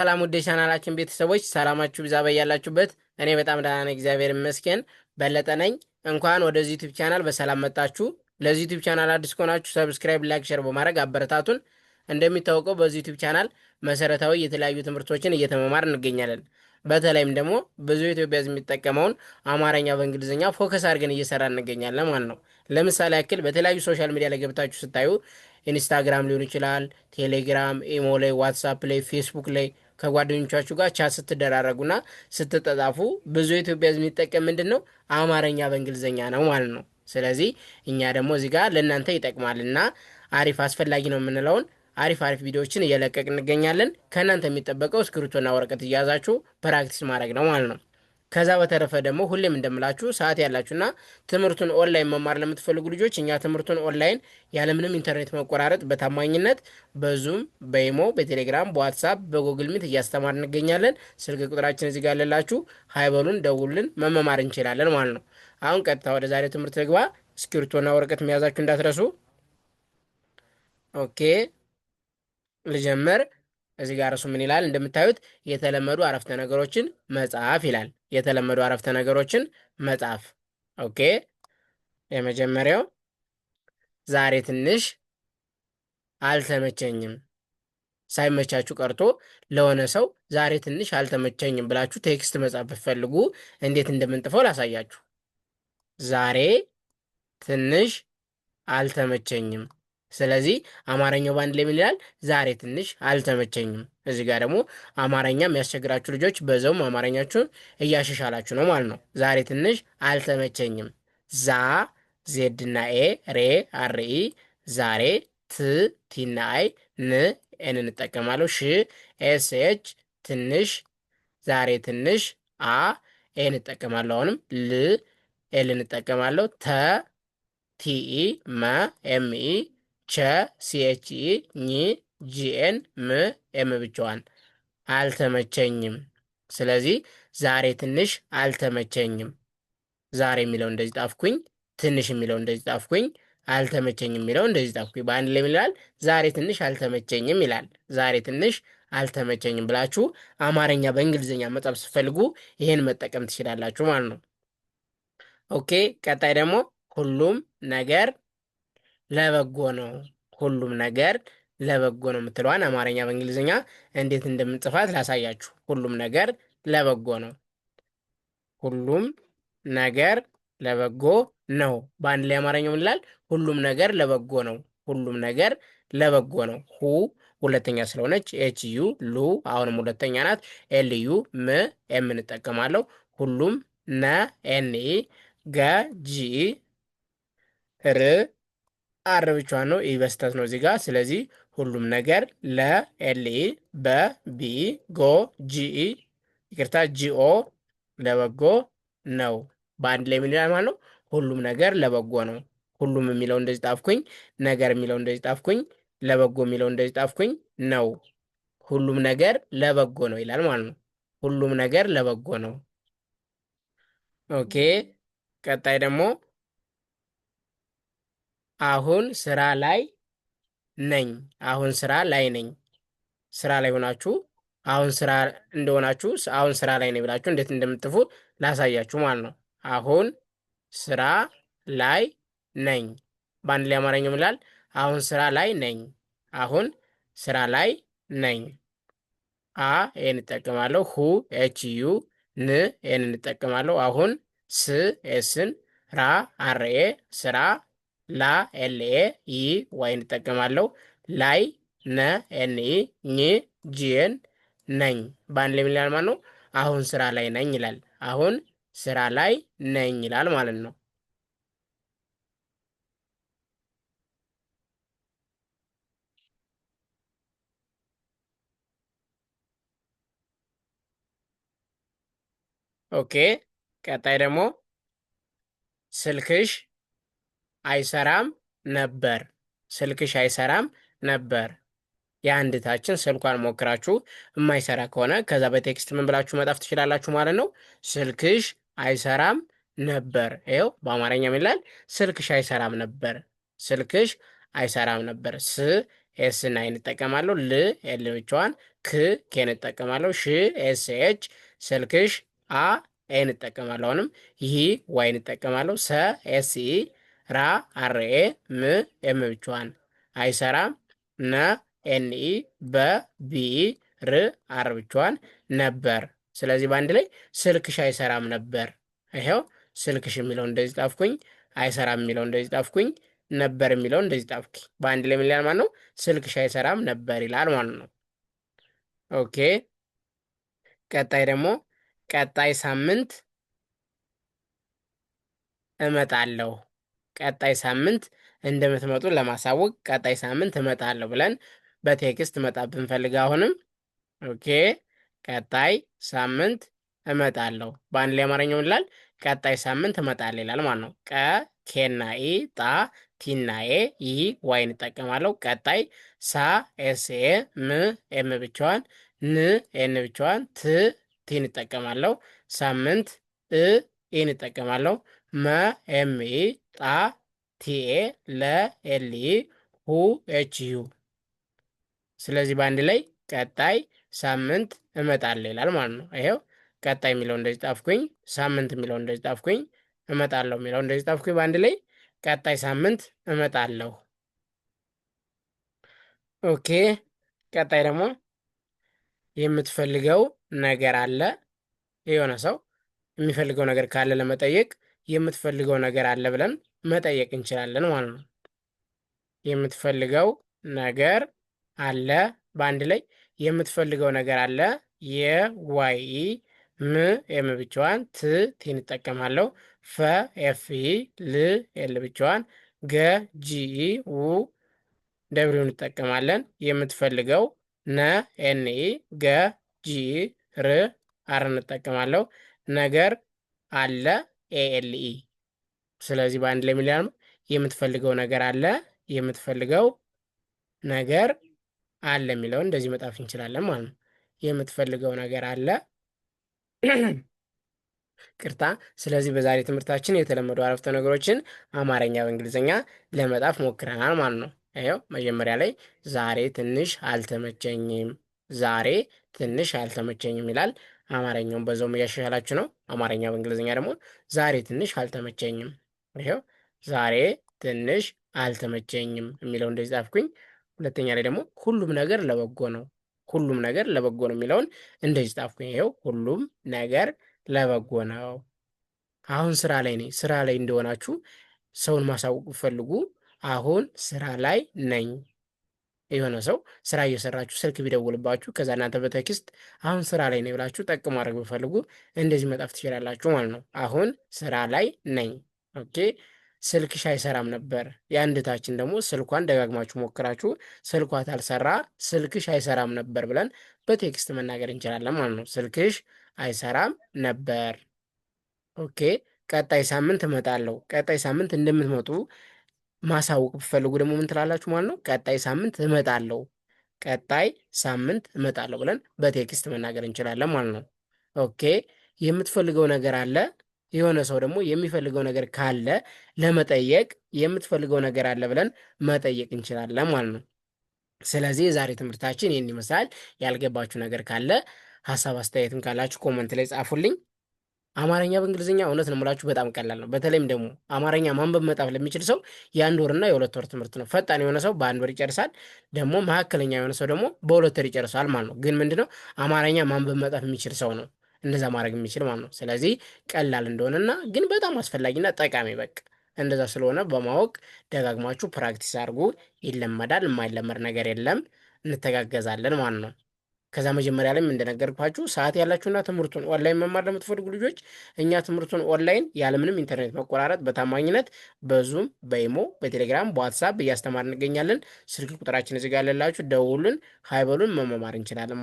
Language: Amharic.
ሰላም ውድ የቻናላችን ቤተሰቦች ሰላማችሁ ብዛ በያላችሁበት። እኔ በጣም ደህና ነኝ፣ እግዚአብሔር ይመስገን። በለጠ ነኝ። እንኳን ወደዚህ ዩቲብ ቻናል በሰላም መጣችሁ። ለዚህ ዩቲብ ቻናል አዲስ ከሆናችሁ ሰብስክራይብ፣ ላይክ፣ ሸር በማድረግ አበረታቱን። እንደሚታወቀው በዚህ ዩቲብ ቻናል መሰረታዊ የተለያዩ ትምህርቶችን እየተመማር እንገኛለን። በተለይም ደግሞ ብዙ ኢትዮጵያ ሕዝብ የሚጠቀመውን አማርኛ በእንግሊዝኛ ፎከስ አድርገን እየሰራ እንገኛለን ማለት ነው። ለምሳሌ ያክል በተለያዩ ሶሻል ሚዲያ ላይ ገብታችሁ ስታዩ ኢንስታግራም ሊሆን ይችላል፣ ቴሌግራም፣ ኢሞ ላይ፣ ዋትሳፕ ላይ፣ ፌስቡክ ላይ ከጓደኞቻችሁ ጋር ቻት ስትደራረጉና ስትጠጣፉ ብዙ ኢትዮጵያ ህዝብ የሚጠቀም ምንድን ነው? አማርኛ በእንግሊዝኛ ነው ማለት ነው። ስለዚህ እኛ ደግሞ እዚህ ጋር ለእናንተ ይጠቅማል አሪፍ አስፈላጊ ነው የምንለውን አሪፍ አሪፍ ቪዲዮዎችን እየለቀቅ እንገኛለን። ከእናንተ የሚጠበቀው እስክሪቶና ወረቀት እያያዛችሁ ፕራክቲስ ማድረግ ነው ማለት ነው። ከዛ በተረፈ ደግሞ ሁሌም እንደምላችሁ ሰዓት ያላችሁና ትምህርቱን ኦንላይን መማር ለምትፈልጉ ልጆች እኛ ትምህርቱን ኦንላይን ያለምንም ኢንተርኔት መቆራረጥ በታማኝነት በዙም በኢሞ በቴሌግራም በዋትሳፕ በጉግል ሚት እያስተማር እንገኛለን። ስልክ ቁጥራችን እዚህ ጋር ያለላችሁ ሀይበሉን ደውሉልን፣ መመማር እንችላለን ማለት ነው። አሁን ቀጥታ ወደ ዛሬ ትምህርት ግባ። እስክሪብቶና ወረቀት መያዛችሁ እንዳትረሱ። ኦኬ ልጀምር። እዚህ ጋር እሱ ምን ይላል? እንደምታዩት የተለመዱ አረፍተ ነገሮችን መጻፍ ይላል። የተለመዱ አረፍተ ነገሮችን መጻፍ። ኦኬ፣ የመጀመሪያው ዛሬ ትንሽ አልተመቸኝም። ሳይመቻችሁ ቀርቶ ለሆነ ሰው ዛሬ ትንሽ አልተመቸኝም ብላችሁ ቴክስት መጻፍ ብትፈልጉ እንዴት እንደምንጥፈው ላሳያችሁ። ዛሬ ትንሽ አልተመቸኝም ስለዚህ አማርኛው በአንድ ላይ ምን ይላል? ዛሬ ትንሽ አልተመቸኝም። እዚህ ጋር ደግሞ አማርኛ የሚያስቸግራችሁ ልጆች በዛውም አማርኛችሁን እያሻሻላችሁ ነው ማለት ነው። ዛሬ ትንሽ አልተመቸኝም። ዛ ዜድና ኤ ሬ አርኢ ዛሬ ት ቲና አይ ን ኤን እንጠቀማለሁ። ሽ ኤስ ኤች ትንሽ ዛሬ ትንሽ አ ኤ እንጠቀማለሁ። አሁንም ል ኤል እንጠቀማለሁ። ተ ቲኢ መ ኤምኢ ቸ ሲኤችኢ ኝ ጂኤን ም ኤም ብቻዋን አልተመቸኝም። ስለዚህ ዛሬ ትንሽ አልተመቸኝም። ዛሬ የሚለው እንደዚህ ጣፍኩኝ፣ ትንሽ የሚለው እንደዚህ ጣፍኩኝ፣ አልተመቸኝም የሚለው እንደዚህ ጣፍኩኝ። በአንድ ላይ ይላል ዛሬ ትንሽ አልተመቸኝም ይላል። ዛሬ ትንሽ አልተመቸኝም ብላችሁ አማርኛ በእንግሊዝኛ መጻፍ ስትፈልጉ ይህን መጠቀም ትችላላችሁ ማለት ነው። ኦኬ። ቀጣይ ደግሞ ሁሉም ነገር ለበጎ ነው። ሁሉም ነገር ለበጎ ነው የምትለዋን አማርኛ በእንግሊዝኛ እንዴት እንደምንጽፋት ላሳያችሁ። ሁሉም ነገር ለበጎ ነው። ሁሉም ነገር ለበጎ ነው። በአንድ ላይ አማርኛው ምን ይላል? ሁሉም ነገር ለበጎ ነው። ሁሉም ነገር ለበጎ ነው። ሁ ሁለተኛ ስለሆነች ኤች ዩ ሉ አሁንም ሁለተኛ ናት። ኤል ዩ ም የምንጠቀማለው ሁሉም ነ ኤን ገ ጂ ር አር ነው። ይህ በስተት ነው እዚጋ ስለዚህ ሁሉም ነገር ለኤልኢ በቢ ጎ ጂኢ ይቅርታ ጂኦ ለበጎ ነው። በአንድ ላይ የሚል ማለት ነው። ሁሉም ነገር ለበጎ ነው። ሁሉም የሚለው እንደዚህ ጣፍኩኝ፣ ነገር የሚለው እንደዚህ ጣፍኩኝ፣ ለበጎ የሚለው እንደዚህ ጣፍኩኝ ነው። ሁሉም ነገር ለበጎ ነው ይላል ማለት ነው። ሁሉም ነገር ለበጎ ነው። ኦኬ ቀጣይ ደግሞ አሁን ስራ ላይ ነኝ። አሁን ስራ ላይ ነኝ። ስራ ላይ ሆናችሁ አሁን ስራ እንደሆናችሁ አሁን ስራ ላይ ነኝ ብላችሁ እንዴት እንደምትጥፉ ላሳያችሁ ማለት ነው። አሁን ስራ ላይ ነኝ። በአንድ ላይ አማርኛው ይላል አሁን ስራ ላይ ነኝ። አሁን ስራ ላይ ነኝ። አ ኤን እንጠቀማለሁ። ሁ ኤች ዩ ን ኤን እንጠቀማለሁ። አሁን ስ ኤስን ራ አር ኤ ስራ ላ ኤልኤ ኢ ዋይ እንጠቀማለሁ። ላይ ነ ኤንኢ ኝ ጂን ነኝ በአንድ ላይ ይላል ማለት ነው። አሁን ስራ ላይ ነኝ ይላል። አሁን ስራ ላይ ነኝ ይላል ማለት ነው። ኦኬ ቀጣይ ደግሞ ስልክሽ አይሰራም ነበር። ስልክሽ አይሰራም ነበር። የአንድታችን ስልኳን ሞክራችሁ የማይሰራ ከሆነ ከዛ በቴክስት ምን ብላችሁ መጣፍ ትችላላችሁ ማለት ነው። ስልክሽ አይሰራም ነበር። ይኸው በአማርኛ ምን ይላል? ስልክሽ አይሰራም ነበር። ስልክሽ አይሰራም ነበር። ስ ኤስ እና እንጠቀማለሁ። ል ኤል ብቻዋን፣ ክ ኬ እንጠቀማለሁ። ሽ ኤስ ኤች ስልክሽ፣ አ ኤ እንጠቀማለሁ። አሁንም ይህ ዋይ እንጠቀማለሁ። ሰ ኤስ ኢ ራ አርኤ ም ኤም ብቻዋን አይሰራም። ነ ኤንኢ በ ቢ ር አር ብቻዋን ነበር። ስለዚህ በአንድ ላይ ስልክሽ አይሰራም ነበር። ይኸው ስልክሽ የሚለው እንደዚህ ጣፍኩኝ፣ አይሰራም የሚለው እንደዚህ ጣፍኩኝ፣ ነበር የሚለው እንደዚህ ጣፍኩኝ። በአንድ ላይ የሚል ማለት ነው ስልክሽ አይሰራም ነበር ይላል ማለት ነው። ኦኬ ቀጣይ ደግሞ ቀጣይ ሳምንት እመጣለሁ ቀጣይ ሳምንት እንደምትመጡ ለማሳወቅ ቀጣይ ሳምንት እመጣለሁ ብለን በቴክስት መጣ ብንፈልግ አሁንም ኦኬ ቀጣይ ሳምንት እመጣለሁ በአንድ ላይ አማርኛው ይላል። ቀጣይ ሳምንት እመጣለሁ ይላል ማለት ነው። ቀ ኬና ኢ ጣ ቲና ኤ ይ ዋይ እንጠቀማለሁ። ቀጣይ ሳ ኤ ም ኤም ብቻዋን ን ኤን ብቻዋን ት ቲ እንጠቀማለሁ። ሳምንት እ ኢ እንጠቀማለሁ። መ ኤም ኢ ጣ ቲኤ ለ ኤል ሁ ኤች ዩ። ስለዚህ በአንድ ላይ ቀጣይ ሳምንት እመጣለሁ ይላል ማለት ነው። ይሄው ቀጣይ የሚለው እንደዚህ ጣፍኩኝ፣ ሳምንት የሚለው እንደዚህ ጣፍኩኝ፣ እመጣለሁ የሚለው እንደዚህ ጣፍኩኝ። በአንድ ላይ ቀጣይ ሳምንት እመጣለሁ። ኦኬ። ቀጣይ ደግሞ የምትፈልገው ነገር አለ የሆነ ሰው የሚፈልገው ነገር ካለ ለመጠየቅ የምትፈልገው ነገር አለ ብለን መጠየቅ እንችላለን ማለት ነው። የምትፈልገው ነገር አለ በአንድ ላይ የምትፈልገው ነገር አለ የዋይ ም ኤም ብቻዋን ት ቲ እጠቀማለሁ ፈ ኤፍ ል ኤል ብቻዋን ገ ጂ ው ደብሪውን እንጠቀማለን። የምትፈልገው ነ ኤን ገ ጂ ር አር እንጠቀማለሁ ነገር አለ ኤኤልኢ። e። ስለዚህ በአንድ ላይ የሚለው የምትፈልገው ነገር አለ፣ የምትፈልገው ነገር አለ የሚለውን እንደዚህ መጣፍ እንችላለን ማለት ነው። የምትፈልገው ነገር አለ ቅርታ። ስለዚህ በዛሬ ትምህርታችን የተለመዱ አረፍተ ነገሮችን አማርኛ በእንግሊዝኛ ለመጣፍ ሞክረናል ማለት ነው። ይኸው መጀመሪያ ላይ ዛሬ ትንሽ አልተመቸኝም፣ ዛሬ ትንሽ አልተመቸኝም ይላል። አማርኛውን በዛውም እያሻሻላችሁ ነው። አማርኛ በእንግሊዝኛ ደግሞ ዛሬ ትንሽ አልተመቸኝም። ይኸው ዛሬ ትንሽ አልተመቸኝም የሚለው እንደዚህ ጻፍኩኝ። ሁለተኛ ላይ ደግሞ ሁሉም ነገር ለበጎ ነው። ሁሉም ነገር ለበጎ ነው የሚለውን እንደዚህ ጻፍኩኝ። ይኸው ሁሉም ነገር ለበጎ ነው። አሁን ስራ ላይ ነኝ። ስራ ላይ እንደሆናችሁ ሰውን ማሳወቅ ፈልጉ። አሁን ስራ ላይ ነኝ የሆነ ሰው ስራ እየሰራችሁ ስልክ ቢደውልባችሁ ከዛ እናንተ በቴክስት አሁን ስራ ላይ ነኝ ብላችሁ ጠቅ ማድረግ ብፈልጉ እንደዚህ መጣፍ ትችላላችሁ ማለት ነው። አሁን ስራ ላይ ነኝ። ኦኬ ስልክሽ አይሰራም ነበር። የአንድታችን ደግሞ ስልኳን ደጋግማችሁ ሞክራችሁ ስልኳ ታልሰራ ስልክሽ አይሰራም ነበር ብለን በቴክስት መናገር እንችላለን ማለት ነው። ስልክሽ አይሰራም ነበር። ኦኬ ቀጣይ ሳምንት እመጣለሁ። ቀጣይ ሳምንት እንደምትመጡ ማሳወቅ ብፈልጉ ደግሞ ምን ትላላችሁ ማለት ነው? ቀጣይ ሳምንት እመጣለሁ፣ ቀጣይ ሳምንት እመጣለሁ ብለን በቴክስት መናገር እንችላለን ማለት ነው። ኦኬ የምትፈልገው ነገር አለ። የሆነ ሰው ደግሞ የሚፈልገው ነገር ካለ ለመጠየቅ የምትፈልገው ነገር አለ ብለን መጠየቅ እንችላለን ማለት ነው። ስለዚህ የዛሬ ትምህርታችን ይህን ይመስላል። ያልገባችሁ ነገር ካለ ሀሳብ አስተያየትም ካላችሁ ኮመንት ላይ ጻፉልኝ። አማርኛ በእንግሊዝኛ እውነት ነው የምላችሁ በጣም ቀላል ነው። በተለይም ደግሞ አማርኛ ማንበብ መጣፍ ለሚችል ሰው የአንድ ወርና የሁለት ወር ትምህርት ነው። ፈጣን የሆነ ሰው በአንድ ወር ይጨርሳል፣ ደግሞ መካከለኛ የሆነ ሰው ደግሞ በሁለት ወር ይጨርሳል ማለት ነው። ግን ምንድነው አማርኛ ማንበብ መጣፍ የሚችል ሰው ነው እንደዛ ማድረግ የሚችል ማለት ነው። ስለዚህ ቀላል እንደሆነና ግን በጣም አስፈላጊና ጠቃሚ በቃ እንደዛ ስለሆነ በማወቅ ደጋግማችሁ ፕራክቲስ አድርጉ። ይለመዳል፣ የማይለመድ ነገር የለም። እንተጋገዛለን ማለት ነው። ከዛ መጀመሪያ ላይም እንደነገርኳችሁ ሰዓት ያላችሁና ትምህርቱን ኦንላይን መማር ለምትፈልጉ ልጆች እኛ ትምህርቱን ኦንላይን ያለምንም ኢንተርኔት መቆራረጥ በታማኝነት በዙም በኢሞ በቴሌግራም በዋትሳፕ እያስተማር እንገኛለን። ስልክ ቁጥራችን እዚህ ያለላችሁ ደውሉን፣ ሀይበሉን መመማር እንችላለን።